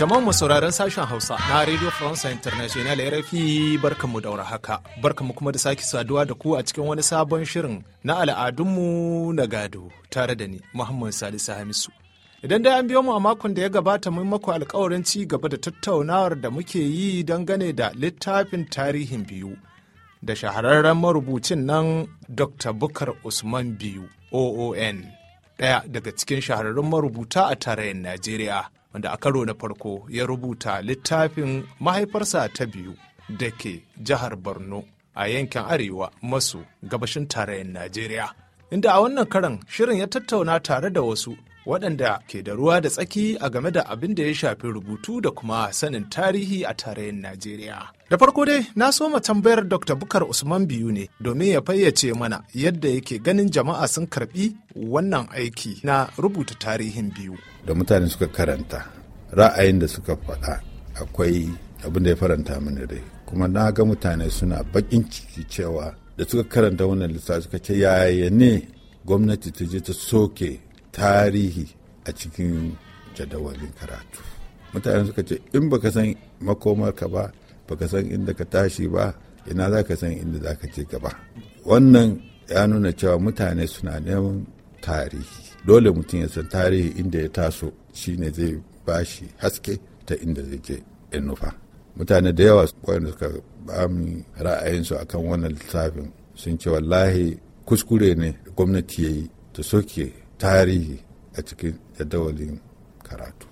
Jama'a mu sauraron sashen Hausa na Radio France International RFI barkanmu da haka. Barkanmu kuma da sake saduwa da ku a cikin wani sabon shirin na al'adunmu na gado tare da ni Muhammad Salisu Hamisu. Idan dai an biyo mu a makon da ya gabata mun maku alkawarin ci gaba da tattaunawar da muke yi dangane da littafin tarihin biyu da shahararren marubucin nan Dr. Bukar Usman biyu OON. ɗaya daga cikin shahararrun marubuta a tarayyar Najeriya, wanda a karo na farko ya rubuta littafin mahaifarsa ta biyu da ke jihar Borno a yankin Arewa maso gabashin tarayyar Najeriya. Inda a wannan karan shirin ya tattauna tare da wasu waɗanda ke da ruwa da tsaki a game da abin da ya shafi rubutu da kuma sanin tarihi a tarayyar Najeriya. Da farko dai na so soma tambayar Dr. Bukar Usman Biyu ne domin ya fayyace mana yadda yake ganin jama'a sun karbi wannan aiki na rubuta tarihin biyu. Da mutane suka karanta ra'ayin da suka faɗa akwai abin da ya faranta mini dai kuma na ga mutane suna baƙin ciki cewa da suka karanta wannan lissafi suka ce yaya ne gwamnati ta je ta soke tarihi a cikin jadawalin karatu mutane suka ce in baka san makomarka ba baka san inda ka tashi ba ina za ka san inda za ka je gaba wannan ya nuna cewa mutane suna neman tarihi dole mutum ya san tarihi inda ya taso shine zai ba shi haske ta inda zai je in nufa mutane da yawa wanda suka ba mu ra'ayinsu akan wannan lissafin sun ce wallahi kuskure ne gwamnati ya yi ta soke tarihi a cikin jadawalin karatu.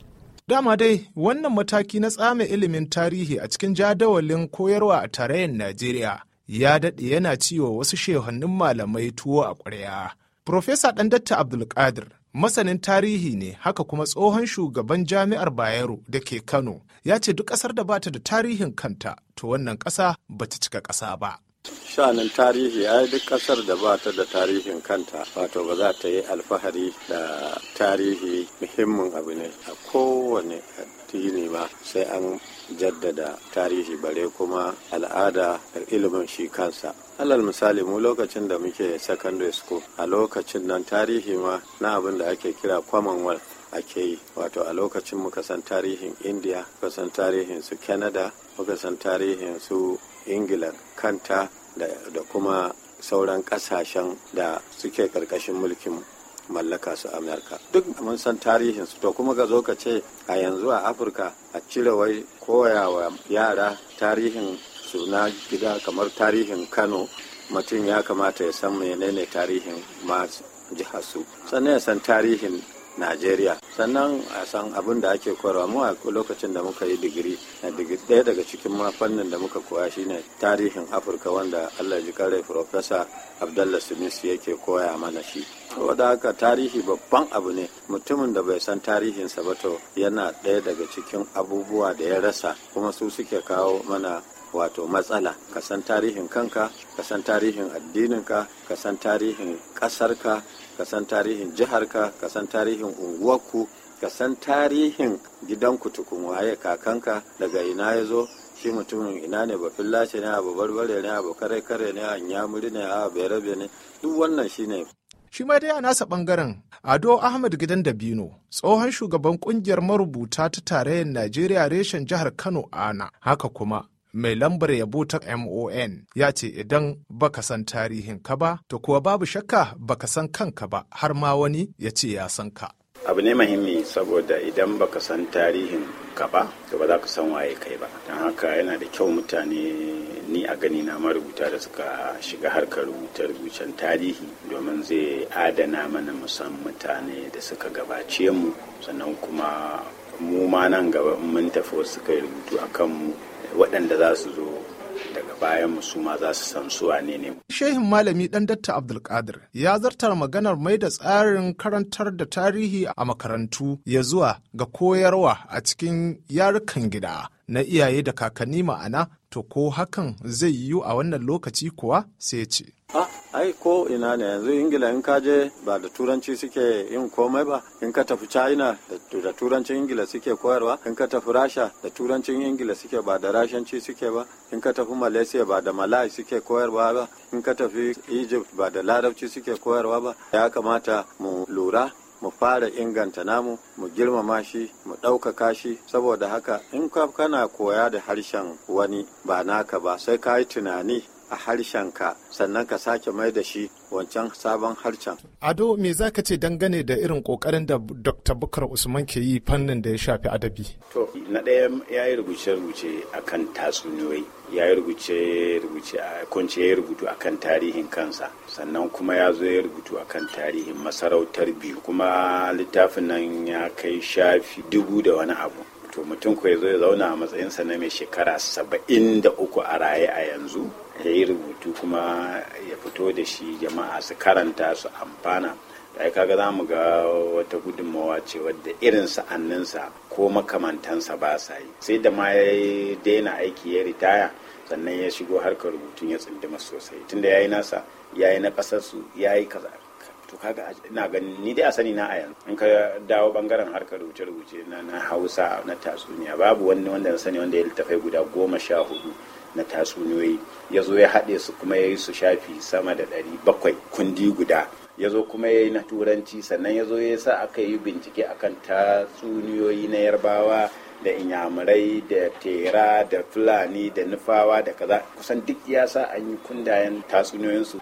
Dama dai wannan mataki na tsame ilimin tarihi a cikin jadawalin koyarwa a tarayyar Najeriya ya daɗe yana ciwo wasu shehannun malamai tuwo a ƙwarya. Profesa Ɗandatta Abdulkadir masanin tarihi ne haka kuma tsohon shugaban jami'ar Bayero da ke Kano ya ce duk ƙasar da bata da tarihin kanta to wannan ƙasa bata cika ƙasa ba. shanin tarihi ai duk kasar da ba ta da tarihin kanta wato ba za ta yi alfahari da tarihi muhimmin abu ne a kowane addini ba sai an jaddada tarihi bare kuma al'ada da ilimin shi kansa alal misali mu lokacin da muke secondary school a lokacin nan tarihi ma na abin da ake kira commonwealth ake yi wato a lokacin muka san tarihin india muka san tarihin su canada muka san tarihin su ingila kanta da kuma sauran kasashen da suke karkashin mulkin mallaka su amurka duk mun san tarihin su to kuma ga zo ka ce a yanzu a afirka a cire wai wa yara tarihin su na gida kamar tarihin kano mutum ya kamata ya san menene tarihin masu jihar su sannan ya san tarihin najeriya sannan a san abin da ake koyarwa mu a lokacin da muka yi digiri na digiri ɗaya daga cikin fannin da muka koya shine tarihin afirka wanda allah ji kare Profesa abdallah smith yake koya mana shi Wadda haka tarihi babban abu ne mutumin da bai san tarihinsa ba to yana ɗaya daga cikin abubuwa da ya rasa kuma su suke kawo mana wato matsala ka san tarihin kanka ka san tarihin addininka ka san tarihin ƙasarka ka san tarihin jiharka ka san tarihin unguwarku ka san tarihin gidanku tukun waye kakanka daga ina ya zo shi mutumin ina ne ba fillace ne a barbare ne a kare kare ne a nyamuri ne a berabe ne duk wannan shi ne. shi ma dai a nasa bangaren ado ahmad gidan dabino tsohon shugaban kungiyar marubuta ta tarayyar najeriya reshen jihar kano ana haka kuma mai lambar yabo ta MON ya ce idan baka san tarihin ka ba, to kuwa babu shakka baka san kanka ba har ma wani ya ce ya san ka. Abu ne muhimmi saboda idan baka san tarihin ka ba to ba za ka san waye kai ba don haka yana da kyau mutane ni a gani na marubuta da suka shiga harkar rubuta rubucen tarihi domin zai adana mana musan mutane da suka gabace mu sannan kuma mu ma nan gaba mun tafi wasu suka yi rubutu a mu. waɗanda za su zo daga bayan su ma za su san su ne ne. Shehin Malami Dan Datta Abdulkadir ya zartar maganar mai da tsarin karantar da tarihi a makarantu ya zuwa ga koyarwa a cikin yarukan gida na iyaye da kakanni ma'ana to ko hakan zai yiwu a wannan lokaci kuwa sai ce. Ah, ai ko ina ne yanzu ingila in ka je ba da turanci suke yin komai ba in ka tafi china da turancin ingila suke koyarwa in ka tafi rasha da turancin ingila suke ba da rashanci suke ba in ka tafi malaysia ba da malai suke koyarwa ba in ka tafi egypt ba da larabci suke koyarwa ba ya kamata mu lura mu fara inganta namu mu girmama shi ɗaukaka shi saboda haka in kana koya da harshen wani ba naka ba sai ka yi tunani a harshen ka sannan ka sake mai da shi wancan sabon harshen. Ado me za ka ce dangane da irin kokarin da Dr. Bukar Usman ke yi fannin da ya shafi adabi? To, na ɗaya ya yi rubuce-rubuce a kan tatsuniyoyi, ya yi rubuce-rubuce a kunce ya yi rubutu a kan tarihin kansa, sannan kuma ya zo ya rubutu a kan tarihin masarautar biyu, kuma littafin nan ya kai shafi dubu da wani abu. to mutum ko ya zo ya zauna a matsayinsa na mai shekara saba'in da uku a raye a yanzu ya yi rubutu kuma ya fito da shi jama'a su karanta su amfana da ya kaga za mu ga wata gudunmawa ce wadda irin sa'anninsa ko makamantansa ba sa yi sai da ma ya daina aiki ya ritaya sannan ya shigo harkar rubutun ya tsindima sosai tunda ya yi nasa ya yi na su ya yi kaza to kaga ina ganin ni dai a sani na a yanzu in ka dawo bangaren harkar rubuce-rubuce na hausa na tatsuniya babu wani wanda na sani wanda ya littafai guda goma sha hudu na tatsuniyoyi ya zo ya haɗe su kuma ya yi su shafi sama da ɗari bakwai kundi guda ya zo kuma ya yi na turanci sannan ya zo ya sa aka yi bincike akan tatsuniyoyi na yarbawa da inyamurai da tera da fulani da nufawa da kaza kusan duk ya sa an yi kundayen tatsuniyoyinsu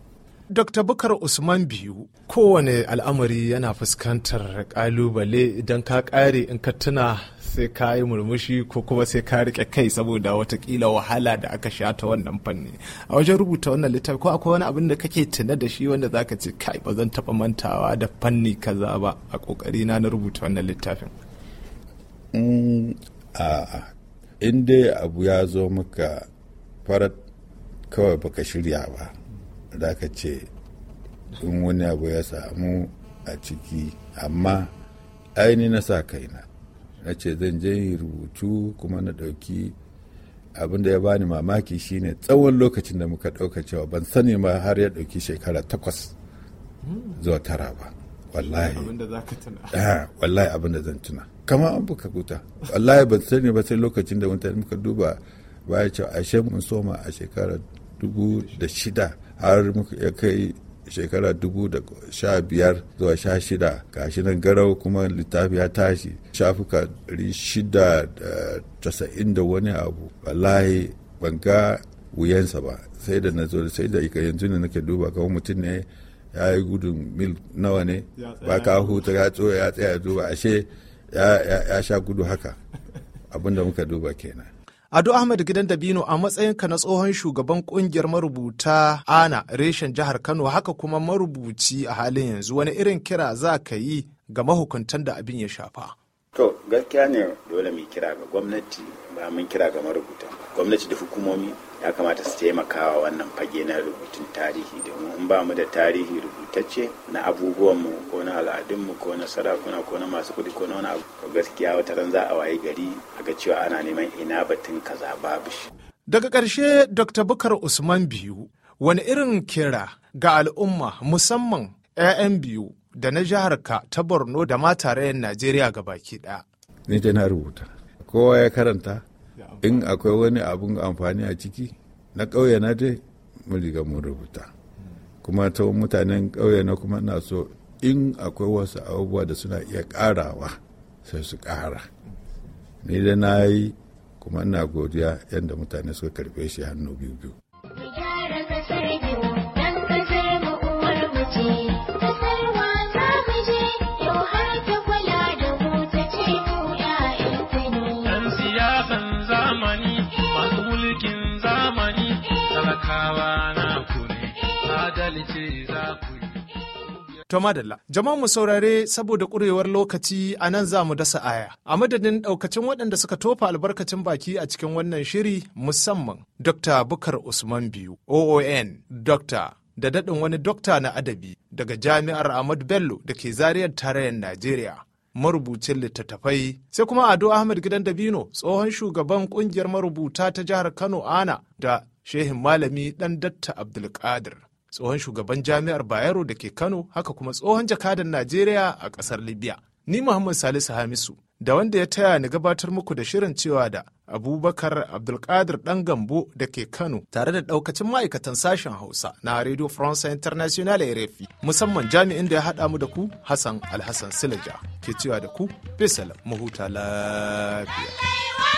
Dr. Bukar Usman Biyu, kowane al'amari yana fuskantar kalubale idan ka kare in ka tuna sai ka yi murmushi ko kuma sai ka rike kai saboda watakila wahala da aka sha ta wannan fanni. A wajen rubuta wannan littafi ko akwai wani abin da kake tuna da shi wanda zaka ce kai ba zan taba mantawa da fanni kaza ba a kokari na na rubuta wannan littafin. Mm, in dai abu ya zo maka farat kawai baka shirya ba. da aka ce in wani abu ya samu a ciki amma aini na sa kaina na ce zan je yi rubutu kuma na ɗauki abin da ya bani mamaki shine tsawon lokacin da muka ɗauka cewa ban sani ma har ya ɗauki shekara takwas zuwa tara ba wallahi ah, wallahi abin da zan tuna kama an buka kuta wallahi ban sani ba sai lokacin da mutane muka duba baya cewa ashe mun soma a shekarar dubu da shida har ya kai shekara dubu da sha biyar zuwa sha shida gashi nan garau kuma littafi ya tashi shafuka shida da casa'in da wani abu wallahi ban ga wuyansa ba sai da na zo sai da yanzu ne nake duba kawai mutum ne ya yi gudun mil nawa ne ba ka huta ya tsaya ya tsaya duba ashe ya sha gudu haka abinda muka duba kenan Ado Ahmed Gidan Dabino a matsayinka na tsohon shugaban kungiyar marubuta ANA reshen jihar Kano haka kuma marubuci a halin yanzu wani irin kira za ka yi ga mahukuntan da abin ya shafa. To gaskiya ne dole mu kira ga gwamnati ba mun kira ga marubuta. Gwamnati da hukumomi ya kamata su taimaka wa wannan fage na rubutun tarihi domin in ba mu da tarihi rubutacce na abubuwanmu ko na al'adunmu ko na sarakuna ko na masu kuɗi ko na wani abu gaskiya wata ran za a waye gari a ga cewa ana neman ina batun kaza babu shi. Daga ƙarshe Dr. Bukar Usman Biyu wani irin kira ga al'umma musamman 'ya'yan biyu da na jihar ka ta Borno da ma tarayyar Najeriya ga baki ɗaya. Ni dai na rubuta. Kowa ya karanta in akwai wani abin amfani a ciki na ƙauye na dai mun riga mun rubuta kuma ta mutanen ƙauye na kuma na so in akwai wasu abubuwa da suna iya ƙarawa sai su ƙara ni da na yi kuma ina godiya yadda mutane suka karɓe shi hannu biyu biyu To madalla, jama'a mu saurare saboda ƙurewar lokaci a nan za mu dasa aya. A madadin ɗaukacin waɗanda suka tofa albarkacin baki a cikin wannan shiri musamman Dr. Bukar Usman Biyu, OON, Dr. da daɗin wani dokta na adabi daga Jami'ar Ahmad Bello da ke zariyar tarayyar Najeriya. marubucin littattafai sai kuma ado Ahmad gidan dabino tsohon shugaban ƙungiyar marubuta ta jihar kano ana da shehin malami ɗan datta abdulkadir tsohon shugaban jami'ar bayero da ke kano haka kuma tsohon jakadan najeriya a ƙasar libya ni muhammad salisu hamisu da wanda ya taya ni gabatar muku da shirin cewa da abubakar abdulkadir dan gambo da ke kano tare da daukacin ma'aikatan sashen hausa na radio france international rfi musamman jami'in da ya haɗa mu da ku hassan alhassan silaja ke cewa da ku bisalam mahuta lafiya